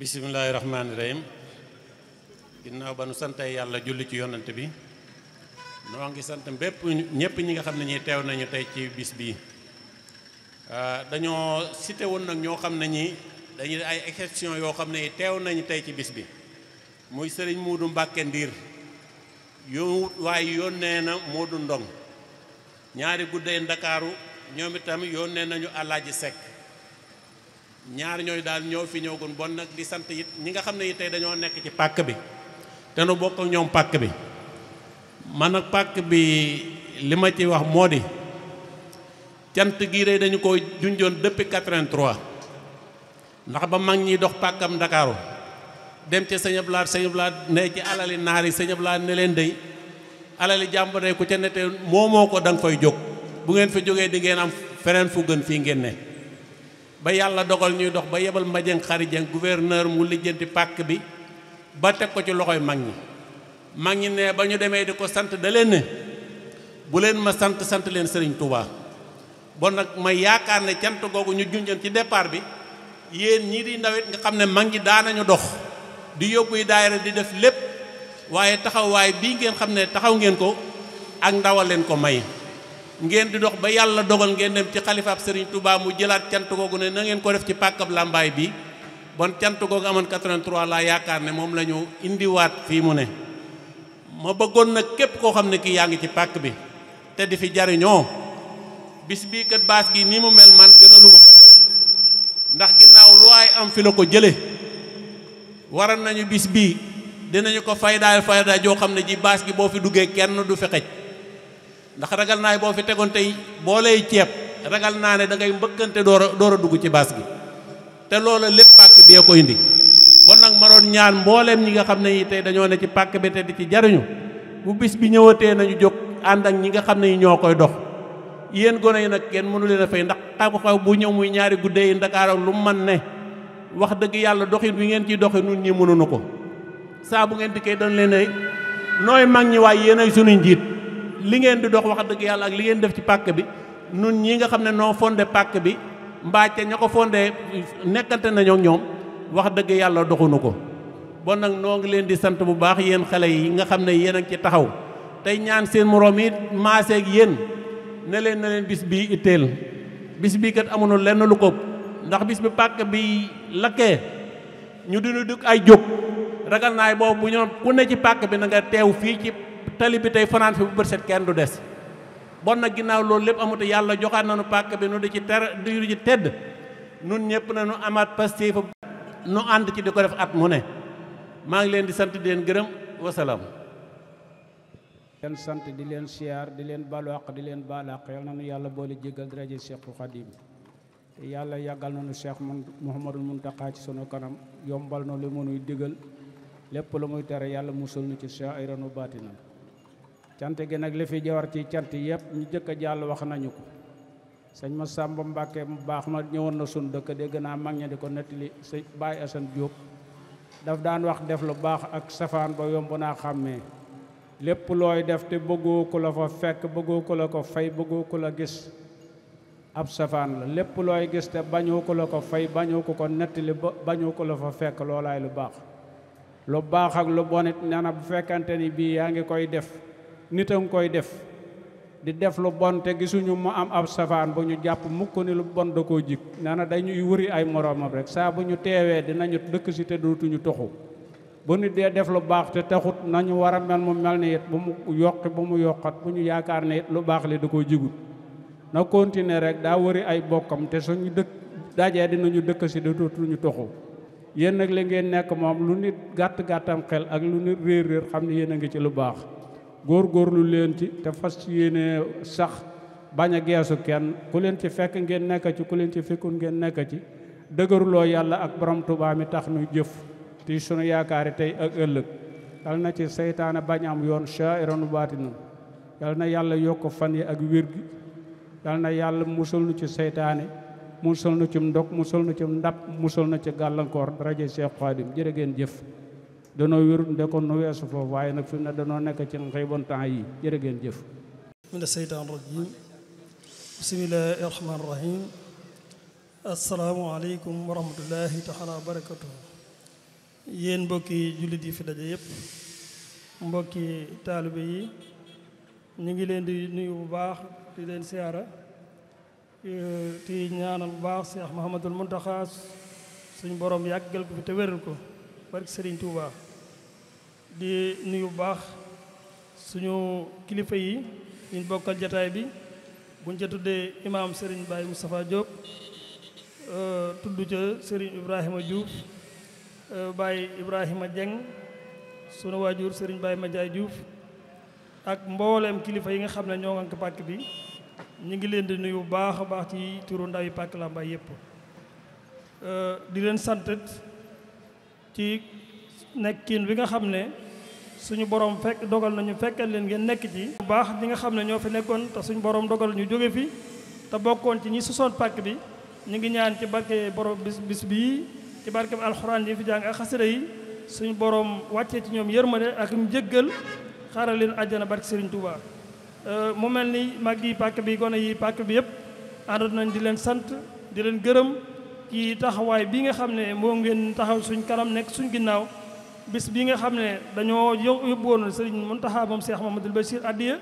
bismillaahi rahmaani rahim ginnaaw ba nu santee yàlla julli ci yonant bi noo ngi sant bépp ñépp ñi nga xam ne ñi teew nañu tey ci bis bii ah, dañoo cité nag ñoo xam ne ñi dañuy ay exception yoo xam ne teew nañu tey ci bis bi muy sëriñ Muudu Mbàkke Ndiir yo waaye yónnee na Moodu Ndong ñaari guddee Ndakaaru ñoom itam yónnee nañu Alaaji Sekk ñaar ñooy daal ñoo fi ñëwgun bon nag di sant it ñi nga xam ne it tey dañoo nekk ci pàkk bi te nu bokk ñoom pàkk bi man ak pàkk bi li ma ci wax moo di cant gii de dañu ko junjoon depuis 83 ndax ba mag ñiy dox pàkkam ndakaaru dem ca sëñ Ablaat sëñ Ablaat ne ci alali naar yi sëñ Ablaat ne leen dey alali jàmbur ku ca nete moo moo ko danga nga fay jóg bu ngeen fi jógee di ngeen am feneen fu gën fii ngeen ne ba yàlla dogal ñuy dox ba yebal Madieng Khary Dieng gouverneur mu lijjanti pàkk bi ba teg ko ci loxoy mag ñi mag ñi ne ba ñu demee di ko sant da leen ne bu leen ma sant sant leen Serigne Touba bon nag ma yaakaar ne cant googu ñu junjan ci départ bi yéen ñii di ndawit nga xam ne mag ñi daanañu dox di yóbbu yi daayira di def lépp waaye taxawaay bii ngeen xam ne taxaw ngeen ko ak ndawal leen ko may ngeen di dox ba yàlla dogal ngeen dem ci xalifaab sëriñ Touba mu jëlaat cant googu ne na ngeen ko def ci pàkkab làmbaay bi bon cant googu amoon 83 laa yaakaar ne moom la ñu indiwaat fii mu ne ma bëggoon nag képp koo xam ne kii yaa ngi ci pàkk bi te di fi jariñoo bis bii kat baas gi nii mu mel man gën a lu ma ndax ginnaaw lu waay am fi la ko jële waral nañu bis bii dinañu ko faydaay fayda joo xam ne ji baas gi boo fi duggee kenn du fi xej ndax ragal naa boo fi tegoon tey boo ceeb ragal naa ne da ngay mbëkkante door doora dugg ci baas gi te loola lépp pàkk bee ko indi kon nag ma doon ñaan mbooleem ñi nga xam ne tey dañoo ne ci pàkk bi te di ci jariñu bu bis bi ñëwatee nañu jóg ànd ak ñi nga xam ne ñoo koy dox yéen gone yi nag kenn mënu leen a ndax xaw xaw bu ñëw muy ñaari guddee yi Ndakaaru lu mu mën ne wax dëgg yàlla doxin bi ngeen ciy doxi nun ñi mënuñu ko saa bu ngeen dikkee dañ leen ne nooy yéen ay sunuy li ngeen di dox wax dëgg yàlla ak li ngeen def ci pàkk bi nun ñii nga xam ne noo fondé pàkk bi mbàcce ña ko fondé nekkante nañoo ñoom wax dëgg yàlla doxunu ko bon nag noo ngi leen di sant bu baax yéen xale yi nga xam ne yéen a ngi ci taxaw tey ñaan seen moroom yi maaseeg yéen ne leen na leen bis bi teel bis bii kat amuñu lenn lu ko ndax bis bi pàkk bi lakkee ñu dinu dugg ay jóg ragal naay boobu bu ku ne ci pàkk bi na teew fii ci tali bi tey fanaan fi bu bët set kenn du des bon nag ginnaaw loolu lépp amatu yàlla joxaat nañu pàkk bi nu di ci ter di ci tedd nun ñëpp nañu amaat pastéef nu ànd ci di ko def at mu ne maa ngi leen di sant di leen gërëm wasalam leen sant di leen siyaar di leen baalu di leen baal àq yal na nu yàlla boole jéggal daraje Seexu Xadim yàlla yàggal na nu Seex Muhammadul Muntaqa ci sunu kanam yombal na lu mu nuy digal lépp lu muy tere yàlla musul nu ci saa ay ranu baatinam cant gi nag li fi jawar ci cant yëpp ñu jëkk a jàll wax nañu ko sëñ ma Sàmba Mbàkke mu baax ma ñëwoon na sun dëkk dégg naa mag ña di ko nettali sëñ Baay Asan Jóob daf daan wax def lu baax ak safaan ba yomb naa xàmmee lépp looy def te bëggoo ku la fa fekk bëggoo ku la ko fay bëggoo ku la gis ab safaan la lépp looy gis te bañoo ku la ko fay bañoo ku ko nettali ba bañoo ku la fa fekk loolaay lu baax lu baax ak lu bonit nee bu fekkante ni bii yaa nit a ngi koy def di def lu bon te gisuñu mu am ab safaan bu ñu jàpp mukk ni lu bon da koo jik nee na dañuy wëri ay moroomam rek saa bu ñu teewee dinañu dëkk si te dootuñu toxu bu nit dee def lu baax te taxut nañu war a mel mu mel ni it bu mu yokki bu mu yokkat bu ñu yaakaar ne lu baax li da koo jigut na continuer rek daa wëri ay bokkam te suñu dëkk dajee dinañu dëkk si te dootuñu toxu yéen nag li ngeen nekk moom lu nit gàtt-gàttam xel ak lu nit réer xam ne yéen a ngi ci lu baax góor góorlu leen ci te fas yéene sax bañ a geesu kenn ku leen ci fekk ngeen nekk ci ku ci fekkul ngeen nekk ci dëgëruloo yàlla ak borom mi tax nu jëf ti sunu yaakaari tey ak ëllëg yal na ci seytaane bañ am yoon chaa'iran baatina yal na yàlla yokk fan yi ak wér gi yal na yàlla musal nu ci seytaane musal nu ci ndog musal nu ci ndab musal nu ci gàllankoor daraje Seex Xaadim jërë ngeen jëf danoo wérut ndekoon nu weesu foofu waaye nag fi mu ne danoo nekk ci xëy bon temps yi jërë ngeen jëf mina seytaan rajim bismillahi rahmaani rahim asalaamaaleykum wa rahmatullahi taala wa barakatuhu yéen mbokki jullit yi fi daje yépp mbokki taalibe yi ñu ngi leen di nuyu bu baax di leen siyaara ti eh, ñaanal bu baax Cheikh Mahamadul Muntaxa suñ borom yàggal ko fi te wéral ko barke Serigne Touba di nuyu bu baax suñu kilifa yi ñu bokkal jataay bi buñ ca tuddee imaam Serigne Baye Moustapha Diop euh, tudd ca Serigne Ibrahima Diouf euh, Baye Ibrahima Dieng sunu waajur sëriñ Baye Madiaye Diouf ak mbooleem kilifa yi nga xam ne ñoo ngank pàkk bi ñu ngi leen di nuyu bu baax a baax ci turu ndaw yi pàkk Lambaye yëpp euh, di leen santat ci nekkin bi nga xam ne suñu borom fekk dogal nañu fekkal leen ngeen nekk ci bu baax ñi nga xam ne ñoo fi nekkoon te suñu borom dogal ñu jóge fi te bokkoon ci ñi sosoon pàkk bi ñu ngi ñaan ci barke borom bis bis bii ci barke bi alxuraan yi fi jàng ak xasida yi suñu boroom wàccee ci ñoom yërmande ak mu jëggal xaaral leen àjjana barke Serigne Touba. Euh, mu mel ni mag yi pàkk bi gone yi pàkk bi yëpp àndoon nañ di leen sant di leen gërëm ci taxawaay bii nga xam ne moo ngeen taxaw suñ kanam nekk suñ ginnaaw bis bii nga xam ne dañoo yóbboon sëriñ Muntaxa moom Cheikh Mamadou Bachir addiya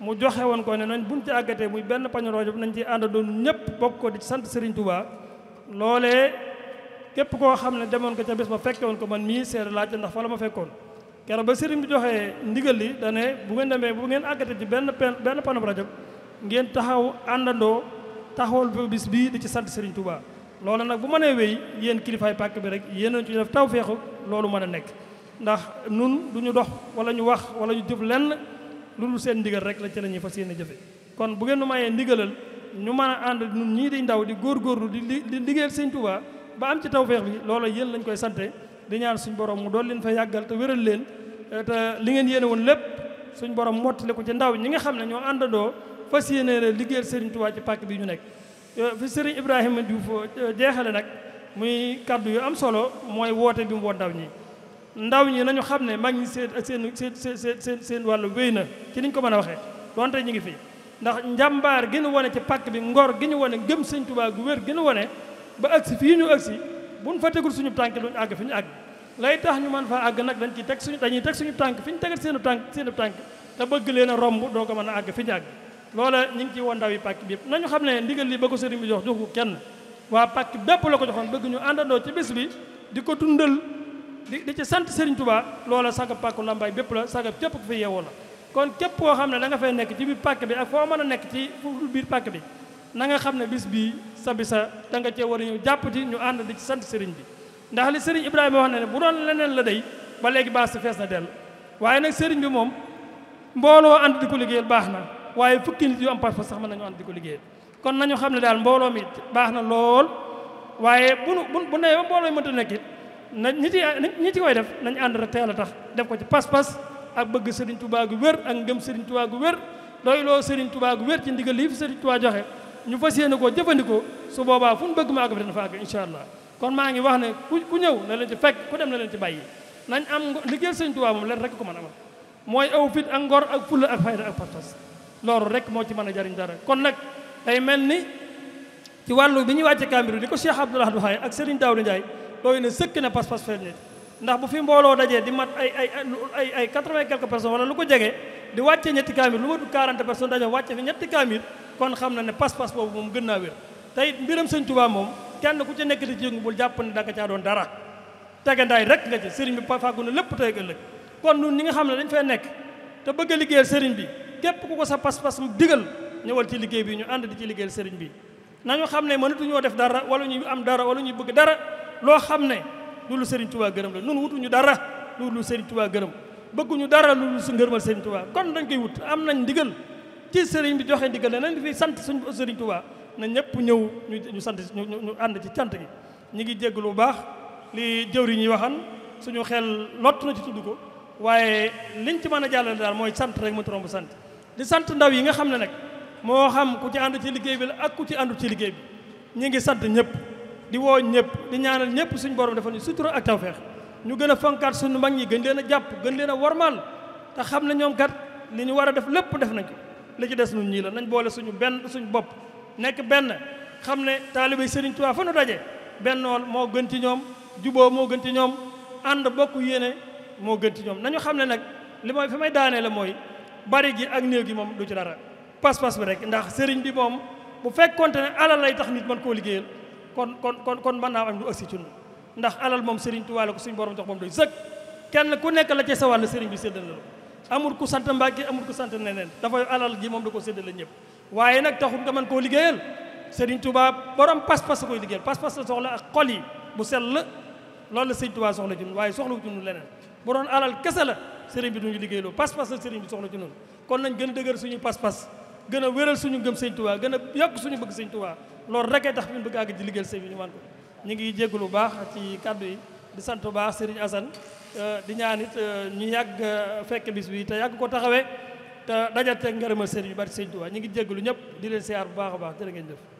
mu joxe woon ko ne nañ buñ ci àggatee muy benn pañu rojo nañ ci ànd doon ñëpp bokk ko di sant sëriñ Touba loolee képp koo xam ne demoon ko ca bés ba fekke woon ko man mii seere laaj ndax fa ma fekkoon keroog ba sëriñ bi joxee ndigal li bu ngeen demee bu ngeen àggatee ci benn benn pañu rojo ngeen taxaw àndandoo taxawal bis bii di ci sant sëriñ Touba loolu nag bu mënee wéy yéen kilifaay pàkk bi rek yéen a ci def taw feexu loolu mën a nekk ndax nun du ñu dox wala ñu wax wala ñu jëf lenn loolu seen ndigal rek la ci la ñuy fas yéene jëfe kon bu ngeen nu mayee ndigalal ñu mën a ànd nun ñii di ndaw di góorgóorlu di di liggéeyal sëñ Tuubaa ba am ci taw feex bi loolu yéen lañ koy sante di ñaan suñ borom mu dool leen fa yàggal te wéral leen te li ngeen yéene woon lépp suñ borom mottali ko ci ndaw ñi nga xam ne ñoo àndandoo fas yéene liggéeyal sëriñ Tuubaa ci pàkk bi ñu nekk Euh, fi sëriñ Ibrahima Diouf euh, jeexale nag muy kàddu yu am solo mooy woote bi mu woo ndaw ñi ndaw ñi nañu xam ne mag ñi seen seen seen seen seen wàllu wey na ci niñ ko mën a waxee donte ñu ngi fi ndax njàmbaar gi ñu wane ci pàkk bi ngor gi ñu wane gëm sëñ Tuubaa gu wér gi ñu wane ba agsi fii ñu agsi buñ fa tegul suñu tànk duñu àgg fi ñu àgg lay tax ñu mën faa àgg nag dañ ci teg suñu dañuy teg suñu tànk fi ñu tegal seenu tànk seenu tànk te bëgg leen a romb doo ko mën a àgg fi ñu loola ñu ngi ci woon ndaw yi pàkk bi yëpp nañu xam ne ndigal li ba ko sëriñ bi jox jox ko kenn waa pàkk bépp la ko joxoon bëgg ñu àndandoo ci bis bi di ko dundal di di ci sant sëriñ Touba loola sagab pàkku Lambaye bépp la sagab cépp ku fi yeewoo la kon képp koo xam ne danga nga nekk ci biir pàkk bi ak foo mën a nekk ci fu biir pàkk bi nanga xam ne bis bii sa bi sa da nga cee war a ñëw jàpp ñu ànd di ci sant sëriñ bi ndax li sëriñ Ibrahima wax ne ne bu doon leneen la day ba léegi baas si fees na dell waaye nag sëriñ bi moom mbooloo ànd di ko liggéeyal baax na waaye fukki nit yu am pas-pas sax mën nañu ànd di ko liggéeyal kon nañu xam ne daal mbooloo mi baax na lool waaye bu nu bu nee ba mbooloo mënta nekk it na ñi ci ñi ci koy def nañu ànd rek teel a tax def ko ci pas-pas ak bëgg Serigne Touba gu wér ak ngëm Serigne Touba gu wér doyloo Serigne Touba gu wér ci ndigal lii fi Serigne Touba joxe ñu fas yéene koo jëfandikoo su boobaa fu ñu bëgg ma àgg fa dana fa àgg incha allah kon maa ngi wax ne ku ku ñëw na leen ci dem na leen ci bàyyi nañ am liggéeyal Serigne Touba moom leen rek ko mën amal mooy aw fit ak ngor ak fulla fayda ak pas loolu rek moo ci mën a jariñ dara kon nag day mel ni ci wàllu bi ñuy wàcce Kàmbiru di ko Cheikh Abdoul Ahad waxee ak Serigne Daouda Ndiaye dooyu ne sëkk na pas-pas feeñ ne ndax bu fi mbooloo dajee di mat ay ay ay ay quatre-vingt quelques personnes wala lu ko jege di wàccee ñetti kaamil lu matu quarante personnes dañoo wàcce fi ñetti kaamil kon xam na ne pas-pas boobu moom gën naa wér tey mbiram sëñ Tuubaa moom kenn ku ci nekk di ci bul jàpp ne da nga caa doon dara tegandaay rek nga ci sëriñ bi fàggu na lépp tey ëllëg kon nun ñi nga xam ne dañ fay nekk te bëgg a liggéeyal bi képp ku ko sa pas-pas digal ñëwal ci liggéey bi ñu ànd di ci liggéeyal sëriñ bi nañu xam ne mënatuñoo def dara wala ñuy am dara wala ñuy bëgg dara loo xam ne lu lu sëriñ Tuubaa gërëm la nun wutuñu dara lu lu sëriñ Tuubaa gërëm bëgguñu dara lu lu su ngërmal sëriñ Tuubaa kon dañ koy wut am nañ ndigal ci sëriñ bi joxe ndigal ne nañ fi sant suñ sëriñ Tuubaa na ñëpp ñëw ñu sant ñu ànd ci sant gi ñu ngi jégg lu baax li jëw jëwri ñuy waxan suñu xel lott na ci tudd ko waaye liñ ci mën a jàllale daal mooy sant rek mu tromb sant di sant ndaw yi nga xam ne nag moo xam ku ci ànd ci liggéey bi la ak ku ci àndu ci liggéey bi ñu ngi sant ñëpp di woo ñëpp di ñaanal ñëpp suñu borom dafa ñu sutura ak tawfeex ñu gën a fonkaat suñu mag ñi gën leen a jàpp gën leen a warmaal te xam ne ñoom kat li ñu war a def lépp def nañ ko li ci des nun ñii la nañ boole suñu benn suñu bopp nekk benn xam ne taalibe Sëriñ Tuubaa fa nu daje bennool moo gën ci ñoom juboo moo gën ci ñoom ànd bokk yéene moo gën ci ñoom nañu xam ne nag li mooy fi may daanee la mooy bari gi ak néew gi moom du ci dara pas-pas bi rek ndax sëriñ bi moom bu fekkonte ne alal lay tax nit mën koo liggéeyal kon kon kon kon mën naa am du agsi ndax alal moom sëriñ Tuubaa ko suñu borom jox moom doy ku nekk la ca sa wàll sëriñ bi séddal amul ku sant Mbàkke amul ku sant neneen dafay alal gi moom da ko séddale ñëpp waaye nag taxul nga man koo liggéeyal sëriñ Tuubaa borom pas-pas koy liggéeyal pas-pas la soxla ak xol yi bu sell loolu la sëriñ Tuubaa soxla ci nun waaye soxla wu ci nun leneen bu doon alal kese la sëriñ bi duñu liggéey loo pas-pas la sëriñ bi soxla ci noonu kon nañ gën a dëgër suñu pas-pas gën a wéral suñu gëm sëñ Tuubaa gën a yokk suñu bëgg sëñ Tuubaa loolu rekee tax ñu bëgg àgg di liggéeyal sëñ bi ñu man ko ñu ngi jégg lu baax ci kàddu yi di sant bu baax sëriñ Asan euh, di ñaan it euh, ñu yàgg euh, fekk bis bi te yàgg ko taxawee te dajal te ngërëmal sëriñ bi bari sëñ Tuubaa ñu ngi jégg lu ñëpp di leen siyaar bu baax a baax jërë ngeen jëf